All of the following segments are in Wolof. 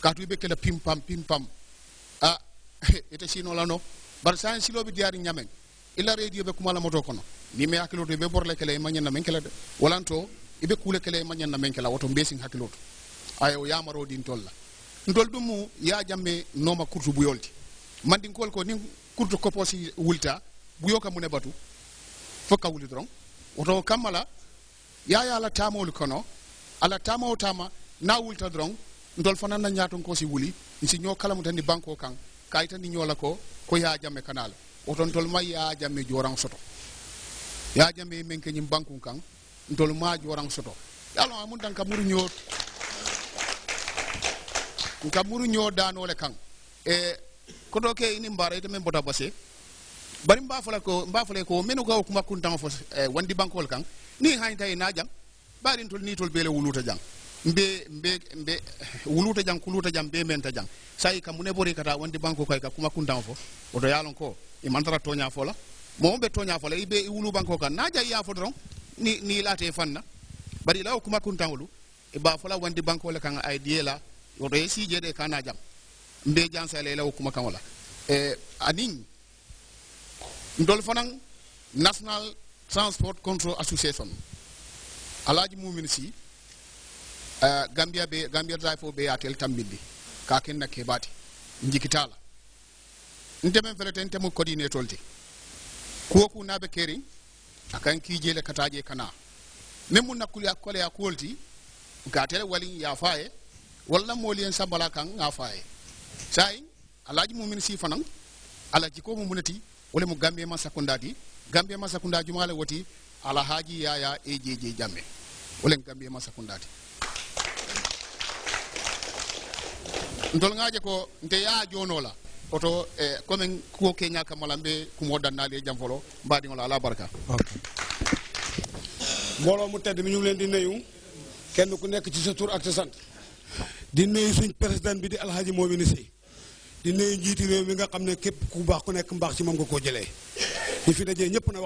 katu be kela pim pam pim pam a ah, ite sino lano bar san silo bi diari nyamen ila radio be kuma la moto kono ni me hakilo to be borle kala ma nyanna men kala de walanto ibe kule kala ma nyanna men kala woto besin hakilo to ayo maro din tolla ndol dum mu ya jamme noma kurtu bu yolti mandin kol ko ni kurtu ko posi wulta bu yoka mune batu fokka wuli dron woto kamala ya ya la tamol kono ala tamo tama na wulta dron ntol fana na ñaton ko si wuli nsi kala kalamuta ni banko kan kayita ni la ko ko ya jamme kanala ton tol ma ya jamme jorang soto ya jamme men ke ñim banku kan ntol ma jorang soto yalo amun dan kamuru ka muru ño daano le kan e ko do ke ini mbara ite men bota basé bari mbafala ko mbafale ko menu ko kuma tan fo e, wandi banko kan ni hayta ina e jam bari ntol ni tol bele wuluta jam mbe mbe mbe wuluta jang kuluta jam be menta jang sai kam ne bori kata wonde banko kay ka kuma kundan fo oto yalon ko e mantara tonya fola mo be tonya fola ibe wulu banko kan na jay fo don ni ni late fanna bari law kuma kundan wulu e ba fola wonde banko le kan ay diela oto e si jede kana jam kuma kan wala e anin ndol national transport control association alaji mumin si Eh, gambia be gambia dai fo be atel tambindi ka ken na ke bati njikitala nte men felete nte mu kodine tolti kuwo ku be keri akan ki jele kataje kana men mun nakul akole ya kolti ga tele wali ya faye walla moli en sambala kan ya faye sai alaji mu si fanan alaji ko mumunati wala mu gambia ma di gambia ma sakunda jumala woti ala haji ya ya ejeje jamme wala gambia ma di ntolŋaje ko nte ya jonola oto eh, comme kuwo keña kamalan ɓe kumo dannali e jam folo mbadiŋola ala barka okay. mu tedd mi ñu leen di kenn ku nekk ci sa ak sa di bi di alhaji Momini Sy di nuyu njiiti réew mi nga xam ne képp ku baax ku nekk mbaax ci moom nga koo fi na wax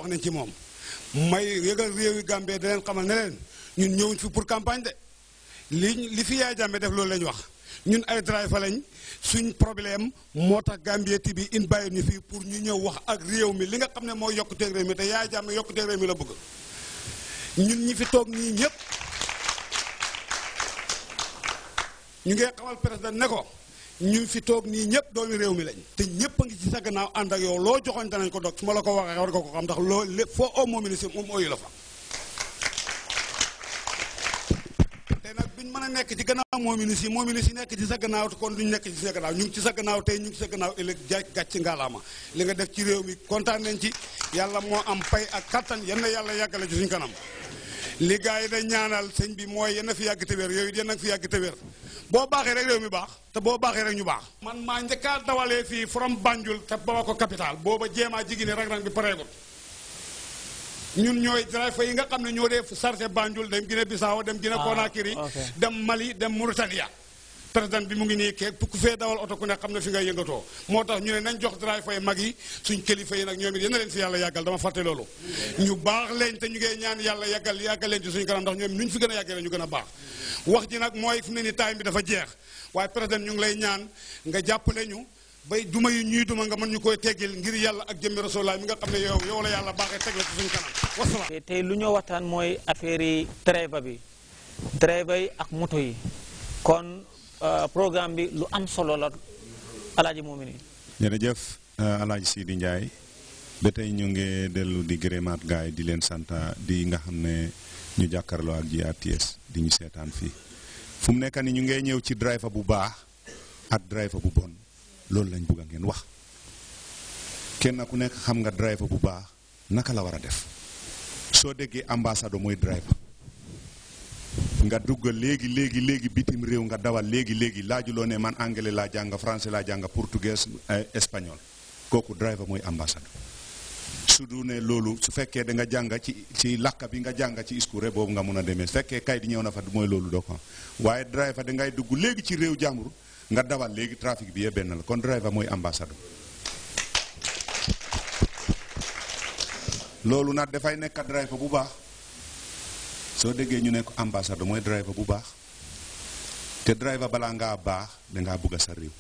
nañ ci may da leen xamal ne leen ñun fi pour campagne de li li fi yaay def lañ wax ñun ay driver lañ suñ problème moo tax Gambietti bi in bàyyi ñu fii pour ñu ñëw wax ak réew mi li nga xam ne mooy yokkuteeg réew mi te yaay jàmme yokkuteeg réew mi la bëgg ñun ñi fi toog nii ñëpp ñu ngi xamal président ne ko ñu fi toog nii ñëpp doomi réew mi lañ te ñëpp a ngi ci sa gannaaw ànd ak yow loo joxoon nañ ko dog su ma la ko waxee war nga ko xam ndax loo lépp foo oo moom ministre moom ooyu la fa te nag duñ mën a nekk ci gannaaw moominu si moominu si nekk ci sa gannaaw kon duñ nekk ci sa gannaaw ñu ngi ci sa gannaaw tey ñu ci sa gannaaw ëllëg gàcc ngaalaama li nga def ci réew mi kontaan nañ ci yàlla moo am pay ak kattan yal na yàlla yàggale ci suñ kanam li gaa yi dañ ñaanal sëñ bi mooy yéen a fi yàgg te wér yooyu yéen a fi yàgg te boo baaxee rek réew mi baax te boo baaxee rek ñu baax man maa njëkkaa dawalee fii from Banjul te boo ko capital booba jéemaa jigéen rang-rang bi pareegul ñun ñooy driver yi nga xam ne ñoo def sarse Banjul dem Guinée Bissau dem Guinée ah, Conakry dem Mali dem Mauritania président bi mu ngi nii keeg ku fee dawal oto ku ne xam ne fi nga yëngatoo moo tax ñu ne nañ jox driver yi mag yi suñ kilifa yi nag ñoom it yéen leen fi yàlla yàggal dama fàtte loolu ñu baax leen te ñu ngi ñaan yàlla yàggal yàggal leen ci suñ kanam ndax ñoom nuñ fi gën a yàggee la ñu gën a baax wax ji nag mooy fi mu ne ni time bi dafa jeex waaye président ñu ngi lay ñaan nga jàppale ñu bay duma yu ñuy duma nga man ñu koy teggil ngir yalla ak jëmmi rasulallah mi nga xam yow yow la yalla baaxee tegg la ci suñu kanam wasalaam té lu ñoo waxtaan moy affaire yi driver bi driver yi ak moto yi kon euh, programme bi lu am solo la alaaji muumini jëf euh, alaaji Sidi ndjay ba tay ñu ngi dellu di gërëmaat gaay di len santa di nga xam ñu jàkkaarloo ak GRTS di ñu sétane fi fu mu nekkani ñu ngi ñëw ci driver bu baax ak driver bu bon loolu lañ bëgg ngeen wax kenn ku nekk xam nga driver bu baax naka la war a def soo déggee ambassadeur mooy driver nga dugg léegi léegi léegi bitim réew nga dawal léegi léegi loo ne man anglais laa jàng français laa jàng portugais eh, espagnol kooku driver mooy ambassadeur su du ne loolu su fekkee da nga jàng ci ci làkk bi nga jàng ci iskure boobu nga mun a demee su fekkee kay di ñëw na fa mooy loolu doo ko waaye driver dangay dugg léegi ci réew jàmbur nga dawal lagi trafic bi yëpp la kon driver moy ambassadeur loolu nag dafay nek driver bu baax so déggee ñu nek ambassadeur moy driver bu baax te driver bala nga baax nga bëgg sa rew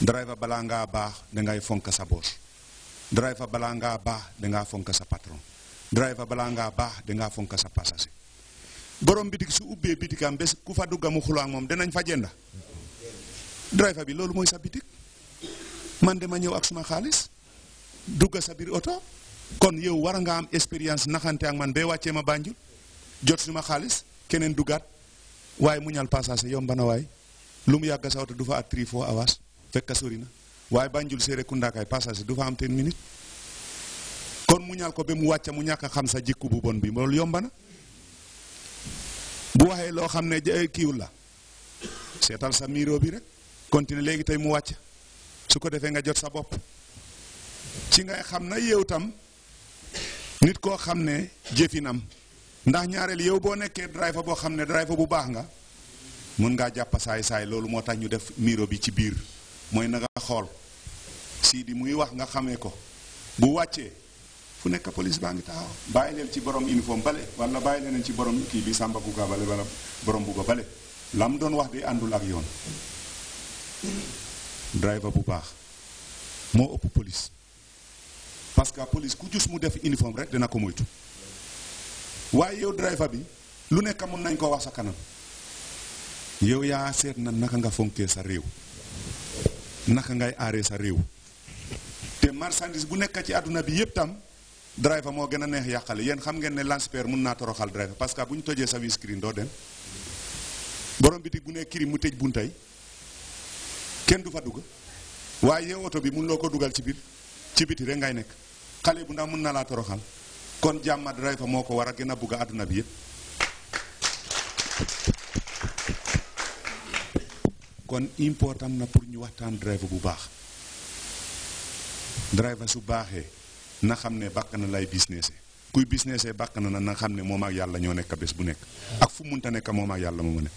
driver bala nga baax ngay fonk sa boss driver bala nga baax nga fonk sa patron driver bala nga baax nga fonk sa passager borom bitik su ubbe bitikam bes ku fa dugga mu ak fa driver bi loolu mooy sa bitik man de ma ñëw ak suma xaalis dugga sa biir oto kon yow war nga am expérience naxante ak man be wàccee ma bànjul jot suma xaalis keneen duggaat waaye muñal passage yomb na waay lu mu yàgg sa oto du fa at three four hours fekk sori na waaye bànjul pasasi kay passage du fa am ten minutes kon muñal ko ba mu wàcca mu ñàkk xam sa jikku bu bon bi loolu yomb na bu waxee loo xam ne eh, kiiwul la seetal sa bi rek. continuer léegi tey mu wàcc su ko defee nga jot sa bopp ci ngay xam na yow tam nit koo xam ne jëfinam ndax ñaareel yow boo nekkee driver boo xam ne driver bu baax nga mun ngaa jàpp saay saay loolu moo tax ñu def miiro bi ci biir mooy na nga xool sii di muy wax nga xamee ko bu wàccee fu nekk police baa ngi taxaw bàyyi leen ci borom uniforme bale walla bàyyi leen ci borom kii bi Samba Kuka bale wala borom bugga bale lam doon wax di àndul ak yoon driver bu baax moo ëpp police parce que police ku gis mu def uniforme rek dina ko moytu waaye yow driver bi lu nekk mën nañ koo wax sa kanam yow yaa seet na naka nga fonkee sa réew naka ngay aaree sa réew te marchandise bu nekk ci àdduna bi yëpp tam driver moo gën a neex yàqale yéen xam ngeen ne lance-pierre mun naa toroxal driver parce que bu ñu tojee sa windscreen doo dem borom bitig bu ne kiri mu tëj buntay kenn du fa dugg waaye yow oto bi mun loo ko dugal ci bit ci biti rek ngay nekk xale bu mun na laa toroxal kon jàmma drive fa moo ko war a gën a bi kon important na pour ñu waxtaan drive bu baax drive su baaxee na xam ne na lay businessé kuy businessé bak na na xam ne moom ak yàlla ñoo nekk bés bu nekk ak fu munta nekk moom ak yàlla moom a nekk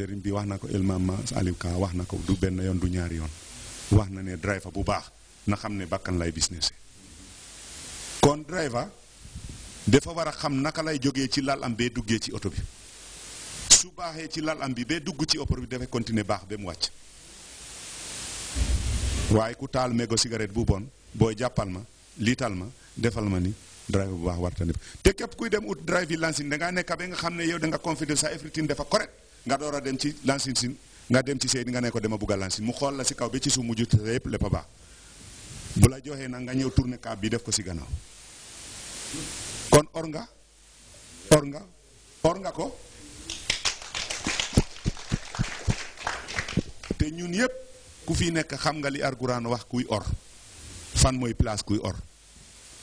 sëriñ bi wax na ko ilmaam ma Aliou Ka wax na ko du benn yoon du ñaari yoon wax na ne driver bu baax na xam ne bàkkan lay business kon driver dafa war a xam naka lay jógee ci lal am bee duggee ci oto bi su baaxee ci lal am bi bee dugg ci oto bi dafay continuer baax ba mu wàcc waaye ku taal mégo cigarette bu bon booy jàppal ma liital ma defal ma ni drive bu baax warta def te képp kuy dem ut drive yi lansin dangaa nekk ba nga xam ne yow da nga confidence sa everything dafa correct nga door a dem ci lansin sin nga dem ci seeni nga ne ko dama mu xol la si kaw bi ci su mu jut yëpp le papa bu la joxe na nga ñew tourner cap bi def ko ci gano kon or nga or nga or nga ko te ñun yëpp ku fi nekk xam nga li wax kuy or fan mooy place kuy or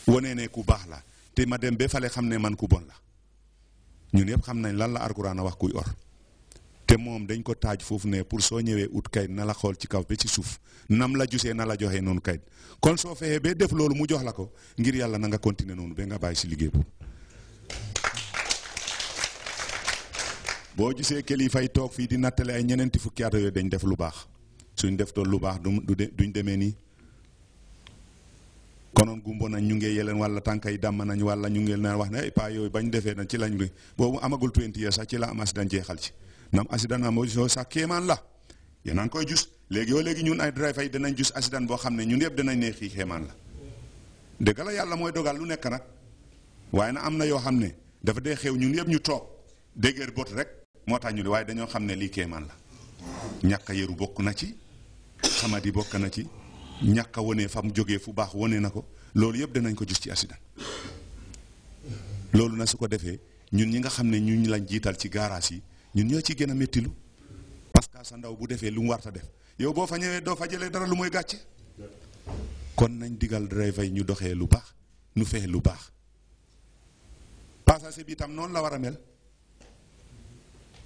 wone ne ku baax la te ma dem be fale xam ne man ku bon la ñun yëpp xam nañ lan la wax kuy or te moom dañ ko taaj foofu ne pour soo ñëwee ut kayit na la xool ci kaw ba ci suuf nam la jusee na la joxee noonu kayit kon soo fexee bee def loolu mu jox la ko ngir yàlla na nga continuer noonu ba nga bàyyi si liggéey boobu. gisee kilifa yi fii di nattale ay ñeneenti fukki dañ def lu baax suñ def tool lu baax du duñ demee nii. konoon gumbo nañ ñu ngee yeleen wala tànka yi dàmm nañ wala ñu ngee naan wax ne ay yooyu bañ defee na ci lañ bi boobu amagul 20 years sax ci la amas dañ jeexal ci. nam accident am so sax kéemaan la yéen a ngi koy jus léegi yoo léegi ñun ay driver yi danañ jus accident boo xam ne ñun yëpp danañ ne xii kéemaan la dëgg la yàlla mooy dogal lu nekk nag waaye na am na yoo xam ne dafa dee xew ñun yëpp ñu toog déggeer bot rek moo tax ñu ne waaye dañoo xam ne lii kéemaan la ñàkk a yëru bokk na ci xamadi bokk na ci ñàkk wone fa mu jógee fu baax wone na ko loolu yëpp danañ ko gis ci accident loolu na su ko defee ñun ñi nga xam ne ñun lañ jiital ci garage yi ñun ñoo ci gën a méttilu parce que sa ndaw bu defee lu mu warta def yow fa dara lu kon nañ digal driver yi ñu doxee lu baax nu fexe lu baax passager bi tam noonu la war a mel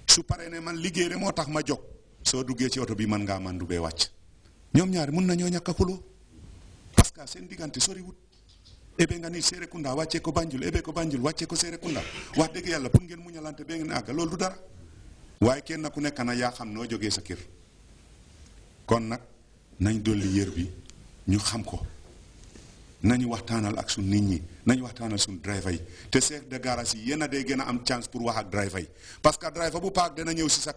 su paree ne man liggéey de moo ma jóg soo duggee ci bi mun nañoo ñàkk parce que seen ebe nga ni Serekunda wàccee ko Banjul ebe ko Banjul wàccee ko Serekunda wax dëgg yàlla pour ngeen muñalante dara waaye kenn ku nekk na yaa xam noo jógee sa kër kon nag nañ dolli yër bi ñu xam ko nañu waxtaanal ak suñ nit ñi nañu waxtaanal suñ driver yi te chef de garage yi yéen a day gën a am chance pour wax ak driver yi parce que driver bu paak dana ñëw si sa